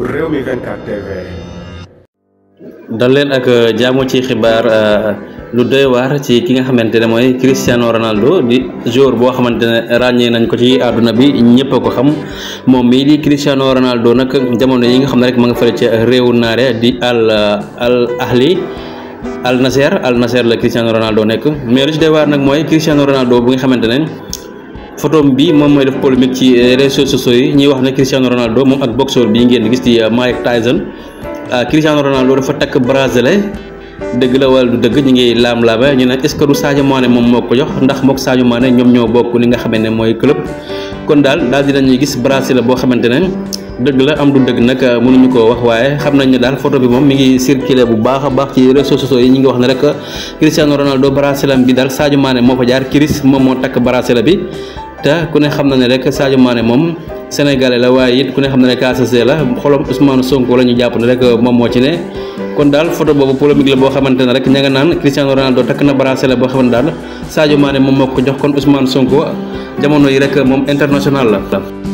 Rewmi 24 TV. dal leen ak euh, jaamu ci xibaar euh, lu doy waar ci ki nga xamante ne mooy Cristiano Ronaldo di joueur boo xamante ne ràññee nañ ko ci àdduna bi ñëpp a ko xam moom mii di Cristiano Ronaldo nag jamono yi nga xam ne rek ma nga fële ca réewu naare di al euh, al ahli al Nasser al Nasser la Cristiano Ronaldo nekk mais lu ci doy waar mooy Cristiano Ronaldo bu nga xamante ne. photom bi moom mooy def polémique ci euh, réseaux sociaux yi wax ne Cristiano Ronaldo moom ak boxeur bi ngeen gis di euh, Mike Tyson euh, Cristiano Ronaldo dafa takk dëgg la wala du dëgg ñu ngi laam-laame ñu ne est-ce moom moo ko jox ndax mook Sadio Mané ñoom ñoo bokk li nga xamee ne mooy club kon daal daal dinañuy gis bracelet boo xamante ne dëgg la am du dëgg nag mënuñu koo wax waaye xam nañ ne daal photo bi moom mi ngi circulé bu baax a baax ci réseaux sociaux yi ñu ngi wax ne rek Cristiano Ronaldo bracelet bi daal Sadio moo ko jaar Chris moom moo takk bracelet bi te ku ne xam na ne rek Sadio Mané moom sénégalais la waaye it ku ne xam na ne Casaséer la xolam Ousmane Sonko la ñu jàpp ne rek moom moo ci ne. kon daal photo boobu polémique la boo xamante ne rek ña nga naan Cristiano Ronaldo takk na bracelet la boo xamante daal Sadio Mané moom moo ko jox kon Ousmane Sonko jamono yi rek moom international la.